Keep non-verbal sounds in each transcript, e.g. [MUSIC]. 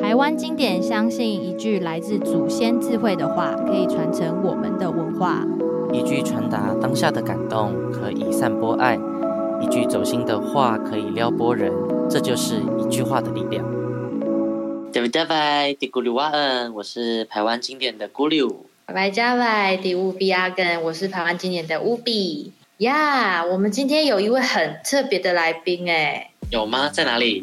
台灣經典相信一句來自祖先智慧的話，可以傳承我們的文化。一句傳達當下的感動，可以散播愛；一句走心的話，可以撩撥人。這就是一句話的力量。大家拜，迪古里瓦恩，我是台灣經典的古里。拜拜，加拜，迪烏比阿根，我是台灣經典的烏比。呀，我們今天有一位很特別的來賓哎。有嗎？在哪裡？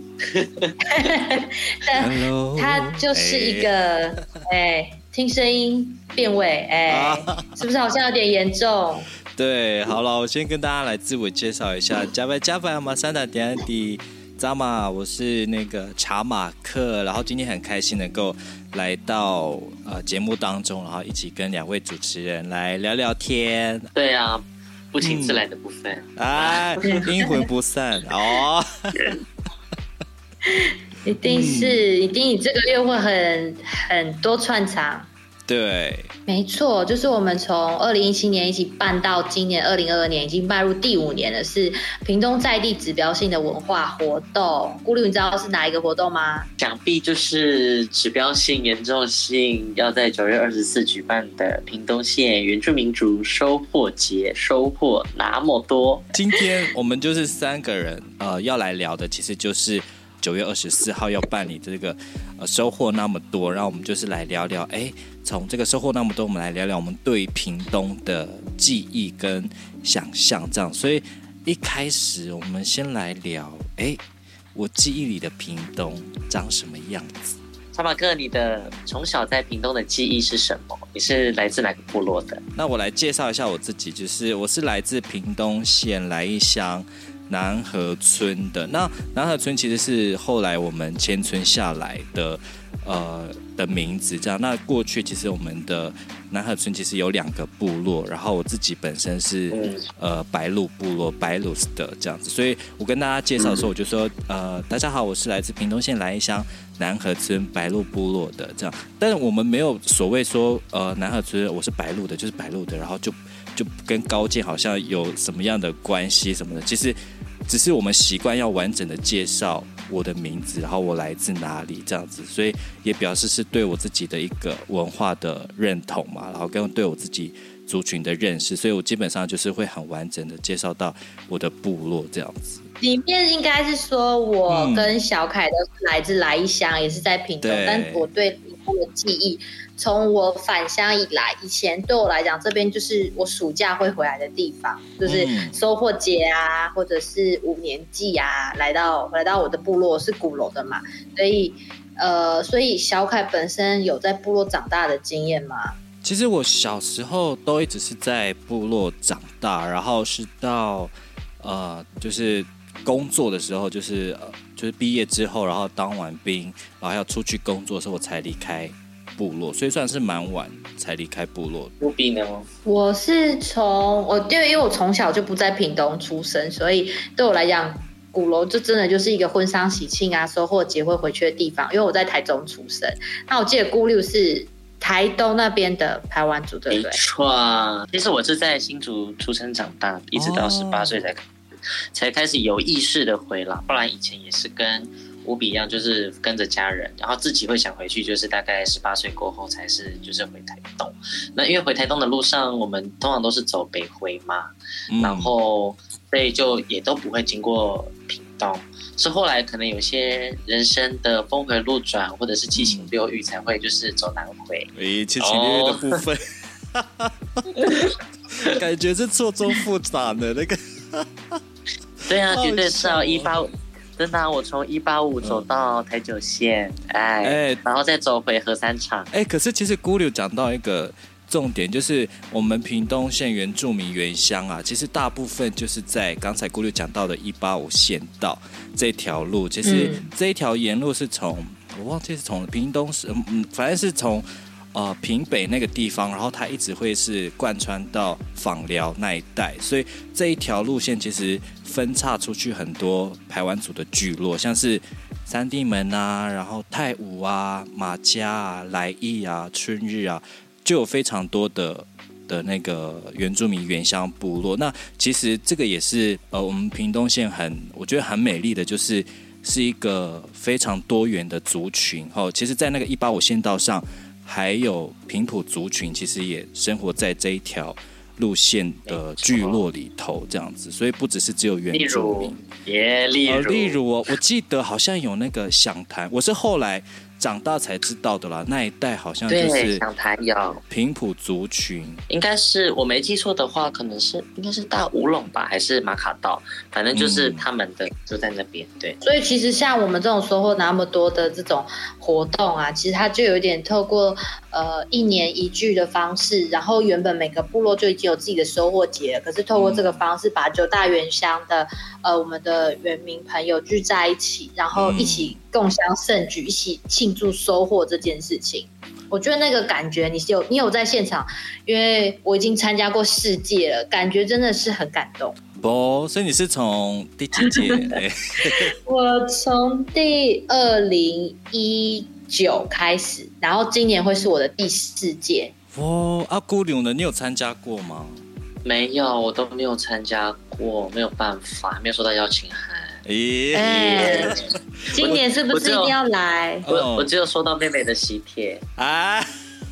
他 [LAUGHS] [LAUGHS] 他就是一個哎、hey. 欸，聽聲音辨位哎，欸、 [LAUGHS] 是不是好像有點嚴重？ [LAUGHS] 對，好了，我先跟大家來自我介紹一下，加班加班馬山達迪扎馬，我是那個查馬克，然後今天很開心能夠來到、呃、節目當中，然後一起跟兩位主持人來聊聊天。對啊。不請自來的部分，嗯、哎，陰魂不散 [LAUGHS] 哦， [LAUGHS] 一定是，嗯、一定這個月會很很多串場。對，沒錯，就是我們從二零一七年一起辦到今年二零二二年，已經邁入第五年了，是屏東在地指標性的文化活動。咕嚕，你知道是哪一個活動嗎？想必就是指標性、嚴重性，要在九月二十四舉辦的屏東縣原住民族收穫節——收穫那麼多。今天我們就是三個人，呃，要來聊的其實就是。九月二十四號要辦理這個，呃，收穫那麼多，然後我們就是來聊聊，哎，從這個收穫那麼多，我們來聊聊我們對屏東的記憶跟想象，這樣。所以一開始我們先來聊，哎，我記憶裡的屏東長什麼樣子？查馬克，你的從小在屏東的記憶是什麼？你是來自哪個部落的？那我來介紹一下我自己，就是我是來自屏東縣來義鄉，南河村的。那南河村其實是後來我們遷村下來的，呃的名字，這樣。那過去其實我們的南河村其實有兩個部落，然後我自己本身是呃白鹿部落白鹿，的這樣子，所以我跟大家介紹的時候，我就說、嗯、呃大家好，我是來自屏東縣來義鄉南河村白鹿部落的這樣。但是我們沒有所謂說呃南河村我是白鹿的，就是白鹿的，然後就。就跟高健好像有什麼樣的關係什麼的，其實只是我們習慣要完整的介紹我的名字，然後我來自哪裡這樣子，所以也表示是對我自己的一個文化的認同嘛，然後跟對我自己族群的認識，所以我基本上就是會很完整的介紹到我的部落這樣子。裡面應該是說我跟小凱孩子來自來義鄉、嗯、也是在屏東，但我對他的記憶。從我返鄉以來，以前對我來講，這邊就是我暑假會回來的地方，就是收穫節啊，嗯、或者是五年祭啊，來到來到我的部落是古樓的嘛，所以呃，所以小凱本身有在部落長大的經驗嗎？其實我小時候都一直是在部落長大，然後是到呃，就是工作的時候，就是、呃、就是畢業之後，然後當完兵，然後要出去工作的時候，我才離開。部落，所以算是蠻晚才離開部落。不並的嗎？我是從我，就因為我從小就不在屏東出生，所以對我來講，古樓就真的就是一個婚喪喜慶啊、收穫結婚回去的地方。因為我在台中出生，那我記得古樓是台東那邊的排灣族對不對？沒錯、啊、其實我是在新竹出生長大，一直到十八歲才開始、哦，才開始有意識的回來，不然以前也是跟。無比一樣，就是跟着家人，然後自己會想回去，就是大概十八歲過後才是，就是回台東。那因為回台東的路上，我們通常都是走北回嘛，嗯、然後所以就也都不會經過屏東。是後來可能有些人生的峰迴路轉，或者是七情六慾才會就是走南迴。哎、七情六慾、哦、的部分， [LAUGHS] [LAUGHS] [LAUGHS] 感覺是錯綜複雜的 [LAUGHS] [LAUGHS] 那個。 [LAUGHS] 對啊，絕對是要一包。 [LAUGHS] 真的、啊，我從一八五走到台九線，哎、嗯，哎，然後再走回合三場，哎，可是其實姑六講到一個重點，就是我們屏東縣原住民原鄉啊，其實大部分就是在剛才姑六講到的一八五縣道這條路，其實這一條沿路是從、嗯，我忘記是從屏東市嗯嗯，反正是從。呃，屏北那個地方，然後它一直會是貫穿到枋寮那一帶，所以這一條路線其實分叉出去很多排灣族的聚落，像是三地門啊，然後泰武啊、馬家啊、來義啊、春日啊，就有非常多的的那個原住民原鄉部落。那其實這個也是呃，我們屏東縣很我覺得很美麗的，就是是一個非常多元的族群。哦，其實在那個一八五縣道上。還有平埔族群，其實也生活在這一條路線的聚落裡頭，這樣子，所以不只是只有原住民，例如，例如我記得好像有那個餉潭，我是後來。長大才知道的啦，那一代好像就是平埔族群，應該是，我沒記錯的話，可能是應該是大武壠吧，還是馬卡道，反正就是他們的、嗯、就在那邊。對，所以其實像我們這種收穫那麼多的這種活動啊，其實它就有點透過。呃，一年一聚的方式，然後原本每個部落就已經有自己的收穫節，可是透過這個方式，把九大原鄉的、嗯、呃我們的原民朋友聚在一起，然後一起共襄盛舉，一起慶祝收穫這件事情，嗯、我覺得那個感覺，你是有你有在現場，因為我已經參加過四屆了，感覺真的是很感動。不，所以你是從第幾屆？ [LAUGHS] 哎、 [LAUGHS] 我從第二零一。九開始，然後今年會是我的第四屆哦。阿、啊、姑柳呢？你有參加過嗎？沒有，我都沒有參加過，沒有辦法，沒有收到邀請函。耶欸、耶今年是不是一定要來？我我只有收到妹妹的喜帖啊。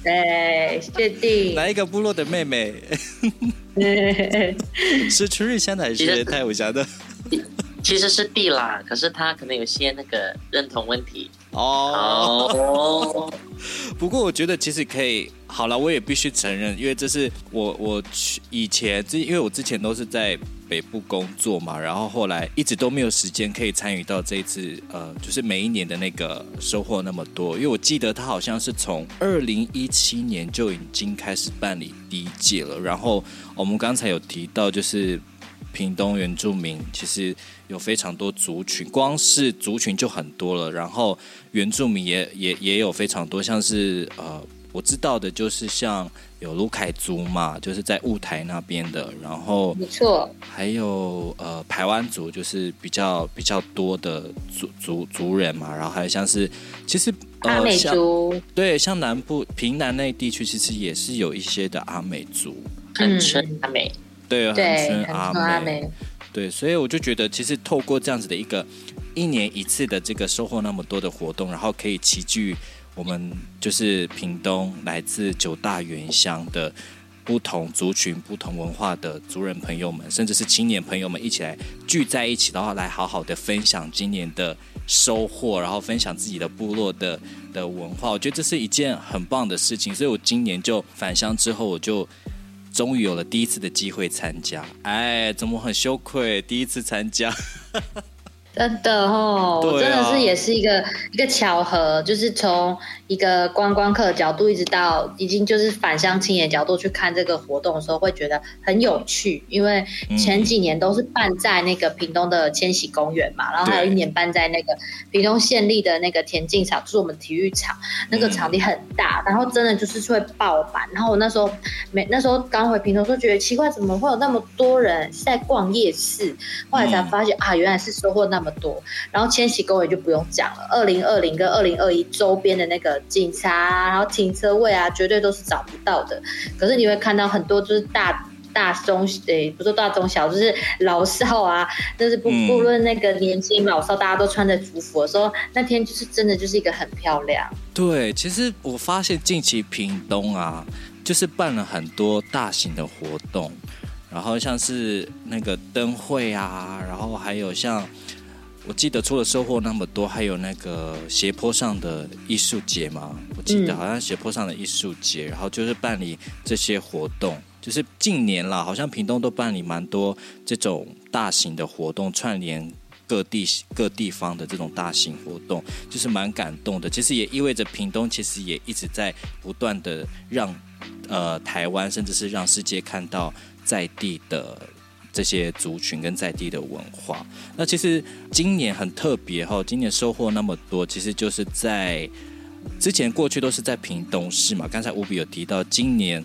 對、欸，確定來一個部落的妹妹， [LAUGHS] [LAUGHS] [LAUGHS] [LAUGHS] 是出瑞香的還是泰武鄉的？ [LAUGHS] 其實是地啦，可是他可能有些那個認同問題哦。Oh. Oh. [LAUGHS] 不過我覺得其實可以好了，我也必須承認，因為這是我我以前之，因為我之前都是在北部工作嘛，然後後來一直都沒有時間可以參與到這一次呃，就是每一年的那個收穫那麼多。因為我記得他好像是從二零一七年就已經開始辦理第一屆了，然後我們剛才有提到就是。屏東原住民其實有非常多族群，光是族群就很多了。然後原住民也也也有非常多，像是呃，我知道的就是像有魯凱族嘛，就是在霧台那邊的。然後，沒錯，還有呃，排灣族就是比較比較多的族族族人嘛。然後還有像是，其實呃，阿美族，對，像南部屏南那地區，其實也是有一些的阿美族，很、嗯、阿美。對，對，對對，所以我就覺得，其實透過這樣子的一個一年一次的這個收穫那麼多的活動，然後可以齊聚我們就是屏東來自九大原鄉的不同族群、不同文化的族人朋友們，甚至是青年朋友們一起來聚在一起，然後來好好的分享今年的收穫，然後分享自己的部落的的文化，我覺得這是一件很棒的事情。所以我今年就返鄉之後，我就。終於有了第一次的機會參加，哎，怎麼很羞愧，第一次參加。 [LAUGHS] 真的哦，我、啊、真的是也是一個、啊、一個巧合，就是從一個觀光客的角度，一直到已經就是返鄉青年角度去看這個活動的時候，會覺得很有趣，因為前幾年都是辦在那個屏東的千禧公園嘛、嗯，然後還有一年辦在那個屏東縣立的那個田徑場，就是我們體育場那個場地很大、嗯，然後真的就是會爆滿，然後我那時候沒那時候剛回屏東就覺得奇怪，怎麼會有那麼多人在逛夜市，後來才發現、嗯、啊，原來是收穫那麼多，然後千禧公園就不用講了。二零二零跟二零二一周邊的那個警察、啊，然後停車位啊，絕對都是找不到的。可是你會看到很多就是大大中誒、欸，不是大中小，就是老少啊，但、就是不不論那個年輕老少，嗯、大家都穿着族服的時候，說那天就是真的就是一個很漂亮。對，其實我發現近期屏東啊，就是辦了很多大型的活動，然後像是那個燈會啊，然後還有像。我記得除了收穫那麼多，還有那個斜坡上的藝術節嘛？我記得好像斜坡上的藝術節、嗯，然後就是辦理這些活動，就是近年啦，好像屏東都辦理蠻多這種大型的活動，串聯各地各地方的這種大型活動，就是蠻感動的。其實也意味着屏東其實也一直在不斷的讓呃台灣，甚至是讓世界看到在地的。這些族群跟在地的文化，那其實今年很特別哈，今年收穫那麼多，其實就是在之前過去都是在屏東市嘛。剛才吳比有提到，今年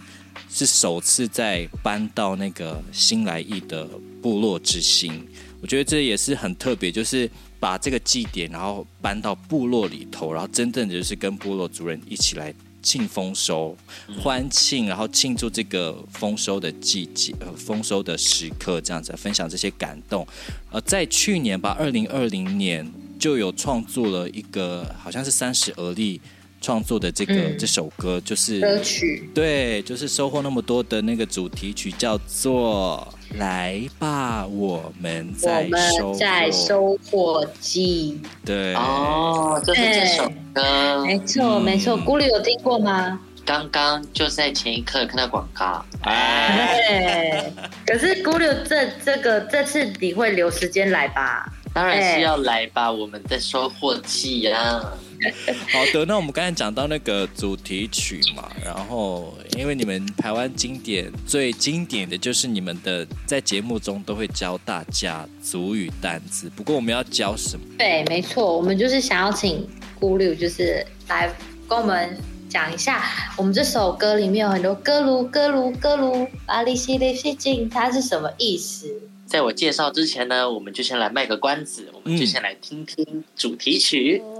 是首次在搬到那個新來義的部落執行。我覺得這也是很特別，就是把這個祭典然後搬到部落裡頭，然後真正的就是跟部落族人一起來，慶豐收，歡慶，然後慶祝這個豐收的季節、呃，豐收的時刻，這樣子分享這些感動。呃，在去年吧，二零二零年就有創作了一個，好像是三十而立。創作的這個、嗯、這首歌就是歌曲，對，就是收穫那麼多的那個主題曲，叫做《來吧，我們在收穫季》，在收穫。對，哦，這是這首歌，沒、欸、錯沒錯。咕柳、嗯、有聽過嗎？剛剛就在前一刻看到廣告，哎， [LAUGHS] 可是咕柳，這這個這次你會留時間來吧？當然是要來吧，欸、我們在收穫季呀、啊。 [LAUGHS] 好的，那我們剛才講到那個主題曲嘛，然後因為你們台灣經典最經典的就是你們的，在節目中都會教大家族語單詞。不過我們要教什麼？對，沒錯，我們就是想要請姑六就是來跟我們講一下，我們這首歌裡面有很多歌爐歌爐歌爐巴黎西勒西進，它是什麼意思？在我介紹之前呢，我們就先來賣個關子，我們就先來聽聽主題曲。嗯。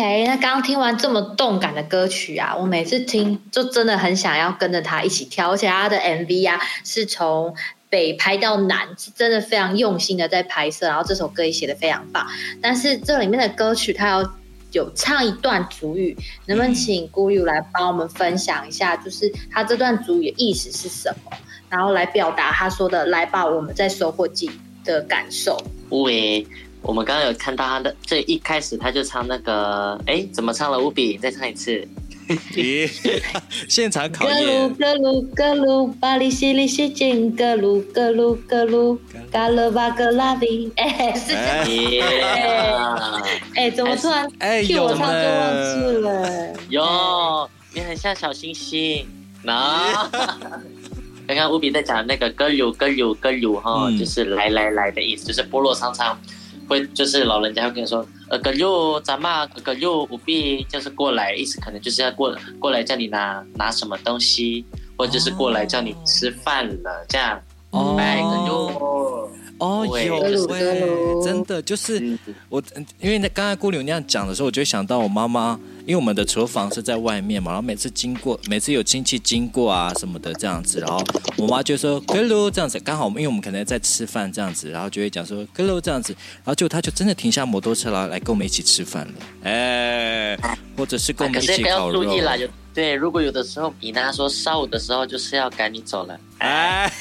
Okay, 那剛聽完這麼動感的歌曲啊，我每次聽就真的很想要跟着他一起跳，而且他的 MV 啊是從北拍到南，是真的非常用心的在拍攝。然後這首歌也寫的非常棒，但是這裡面的歌曲他要有，有唱一段族語，能不能請 Guru 來幫我們分享一下，就是他這段族語的意思是什麼，然後來表達他說的，來吧，我們在收穫季的感受。喂。我們剛剛有看到他的，這一開始他就唱那個，哎、欸，怎麼唱了？無比再唱一次，現場考驗格巴黎西麗西金格魯格魯格魯，加勒巴格拉比，哎， [MUSIC] 是這個。哎，怎麼突然替我唱就忘記了？喲，你很像小星星。那，剛剛無比在講那個格魯格魯格魯哈，就是來來來的意思，就是波羅桑桑。會就是老人家會跟你說，呃，哥舅，咱媽，葛優，不必就是過來，意思可能就是要過過來叫你拿拿什麼東西，或者就是過來叫你吃飯了這樣。哦。哦、oh，有喂，真的就是我，因為那剛才顧流那樣講的時候，我就會想到我媽媽，因為我們的廚房是在外面嘛，然後每次經過，每次有親戚經過啊什麼的這樣子，然後我媽就說格嚕這樣子，剛好我們因為我們可能在吃飯這樣子，然後就會講說格嚕這樣子，然後就她就真的停下摩托車啦，來跟我們一起吃飯了，哎，或者是跟我們一起烤肉。啊、可就對，如果有的時候比，她說上午的時候就是要趕你走了，哎。哎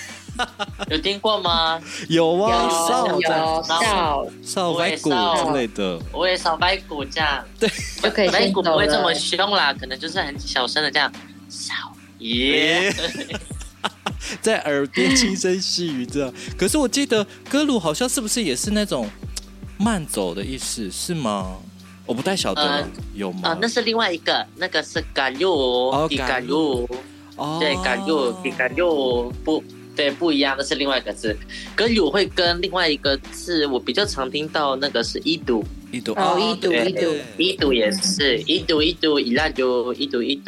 有聽過嗎？有啊，有少少有少，少，少白骨之類的，我也少白骨這樣，對，就可以白骨不會這麼凶啦，可能就是很小聲的這樣，少爺，yeah. 欸、 [LAUGHS] 在耳邊輕聲細語這樣。可是我記得歌魯好像是不是也是那種慢走的意思是嗎？我不太曉得，有嗎？啊、呃呃，那是另外一個，那個是甘露，甘、oh, 露，對，甘露，甘露不。對，不一樣的是另外一個字。跟魯會跟另外一個字，我比較常聽到那個是伊都，伊都哦，伊都伊都，伊都也是一都一都一一都，一都一一的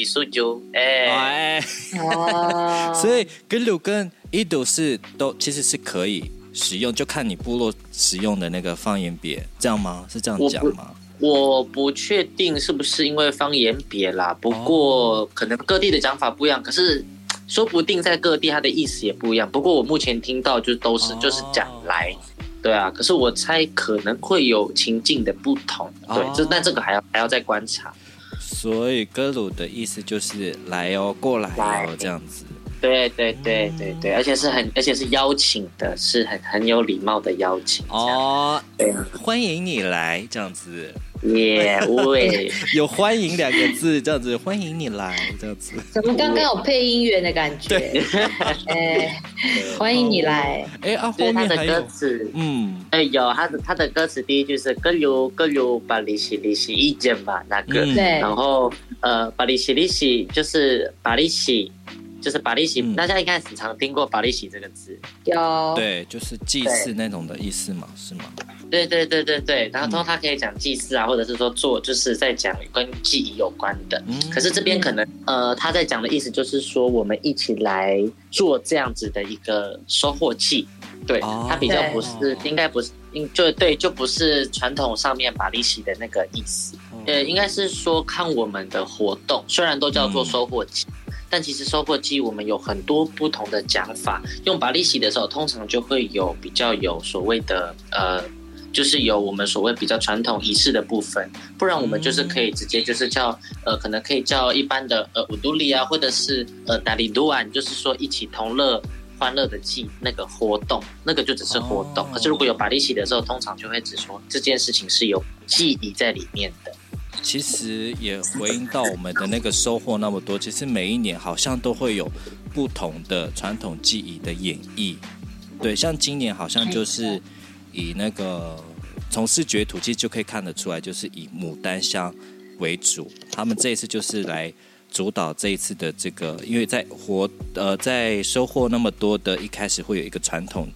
一都，哎，哦、哎 [LAUGHS] 所以跟魯跟伊都是都其實是可以使用，就看你部落使用的那個方言別，這樣嗎？是這樣講嗎？我不，我不確定是不是因為方言別啦，不過、哦、可能各地的講法不一樣，可是。說不定在各地它的意思也不一樣，不過我目前聽到就都是、哦、就是講來，對啊，可是我猜可能會有情境的不同，對，哦、就但這個還要還要再觀察。所以格魯的意思就是來哦，過來哦，來這樣子。對對對對對，嗯、而且是很而且是邀請的，是很很有禮貌的邀請。哦，對、啊，歡迎你來這樣子。耶喂，有歡迎兩個字這樣子， [LAUGHS] 歡迎你來這樣子。怎麼剛剛有配音樂的感覺？哎 [LAUGHS] 對笑、 [LAUGHS] 欸， [LAUGHS] 歡迎你來。哎阿、欸啊、後面他的歌詞，嗯，哎有他的他的歌詞，欸、他的他的歌第一句是“各有各有，有巴里西里西意見吧。那個”，對、嗯，然後呃，巴里西里西就是巴里西，就是巴里西、就是嗯就是，大家應該很常聽過巴里西這個字。有。對，就是祭祀那種的意思嘛，是嗎？對對對對對，然後通常他可以講祭祀啊、嗯，或者是說做，就是在講跟記憶有關的。嗯、可是這邊可能、嗯、呃，他在講的意思就是說，我們一起來做這樣子的一個收穫祭，對、哦、他比較不是，應該不是，應就對，就不是傳統上面把利息的那個意思。呃、哦，應該是說看我們的活動，雖然都叫做收穫祭、嗯，但其實收穫祭我們有很多不同的講法。用把利息的時候，通常就會有比較有所謂的呃。就是有我們所謂比較傳統儀式的部分，不然我們就是可以直接就是叫、嗯、呃，可能可以叫一般的呃五都里啊，或者是呃達利獨安，就是說一起同樂歡樂的祭那個活動，那個就只是活動。哦、可是如果有巴利起的時候，通常就會指出這件事情是有記憶在裡面的。其實也回應到我們的那個收穫那麼多， [LAUGHS] 其實每一年好像都會有不同的傳統記憶的演繹。對，像今年好像就是。以那個從視覺土氣就可以看得出來，就是以牡丹鄉為主。他們這一次就是來主導這一次的這個，因為在活，呃在收穫拿麼多的，一開始會有一個傳統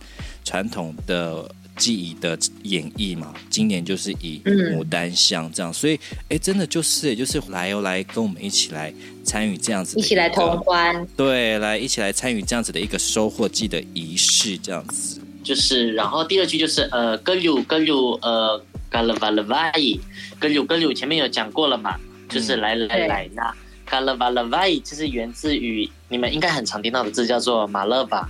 傳統的記憶的演繹嘛。今年就是以牡丹鄉這樣，所以哎，真的就是就是來哦，來跟我們一起來參與這樣子，一起來通關，對，來一起來參與這樣子的一個收穫季的儀式這樣子。就是，然後第二句就是，呃，guru guru，呃，galava lavi，guru guru，前面有講過了嘛？就是來、嗯、來來那 galava lavi，就是源自於你們應該很常聽到的字叫做馬勒巴。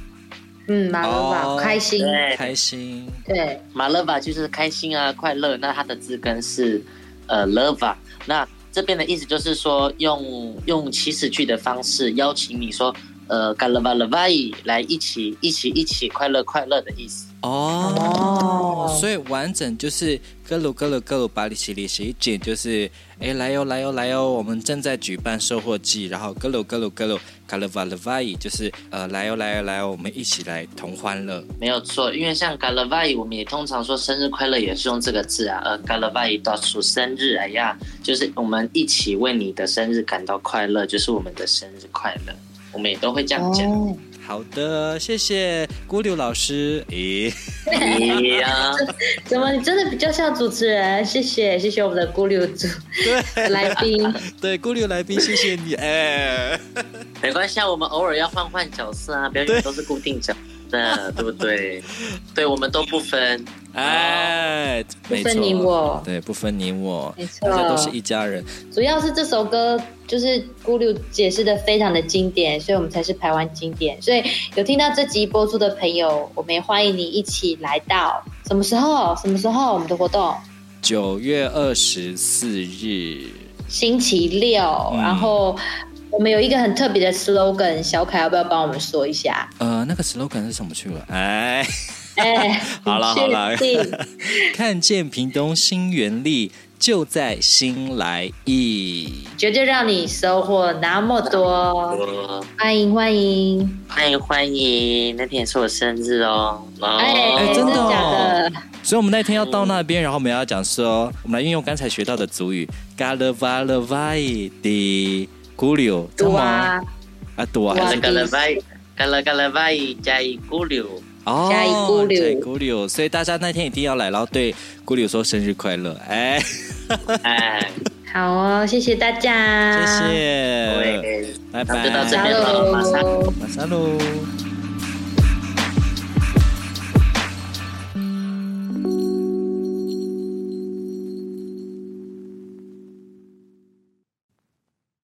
嗯，馬勒巴、oh, 開心對，開心。對，馬勒巴就是開心啊，快樂。那它的字根是呃，leva。那這邊的意思就是說，用用祈使句的方式邀請你說。呃，galavali 來一起一起一起，一起快樂快樂的意思哦，oh, oh. 所以完整就是 galu galu galu，巴里西里是一就是，就是、就是、哎來喲、哦、來喲、哦、來喲、哦，我們正在舉辦收穫季，然後 galu galu galu，galavali 就是呃來喲、哦、來喲來喲，我們一起來同歡樂，沒有錯，因為像 galavali，我們也通常說生日快樂也是用這個字啊，呃 galavali 到處生日，哎呀，就是我們一起為你的生日感到快樂，就是我們的生日快樂。我們也都會這樣講。Oh. 好的，謝謝孤流老師。咦、哎 [LAUGHS] 哎、呀，怎麼你真的比較像主持人？謝謝，謝謝我們的孤流組對來賓。對孤流來賓，謝謝你。 [LAUGHS] 哎，沒關係，我們偶爾要換換角色啊，不要以為都是固定角色的對，對不對？ [LAUGHS] 對，我們都不分。哎，沒錯，不分你我對，不分你我，沒錯，這都是一家人。主要是這首歌就是咕嚕解釋的非常的經典，所以我們才是台灣經典。所以有聽到這集播出的朋友，我們也歡迎你一起來到什麼時候？什麼時候我們的活動？九月二十四日，星期六、嗯。然後我們有一個很特別的 slogan，小凱要不要幫我們說一下？呃，那個 slogan 是什麼去了？哎。哎、欸，好了好了，好 [LAUGHS] 看見屏東心原力，就在新來義，絕對讓你收穫那麼多。多歡迎歡迎歡迎、哎、歡迎，那天是我生日哦。哎、oh. 欸，真的，哦、真的假的？所以我們那天要到那邊，然後我們要講說、嗯，我們來運用剛才學到的族語 galavavadi guio duwa，啊嘎 u 嘎 a g a l a v a v g a l a g 加、哦、一孤柳，所以大家那天一定要來，然後對孤柳說生日快樂，哎、欸，哎 [LAUGHS] 啊，好哦，謝謝大家，謝謝，拜拜，拜拜，馬上嘍，Hello. 馬上嘍。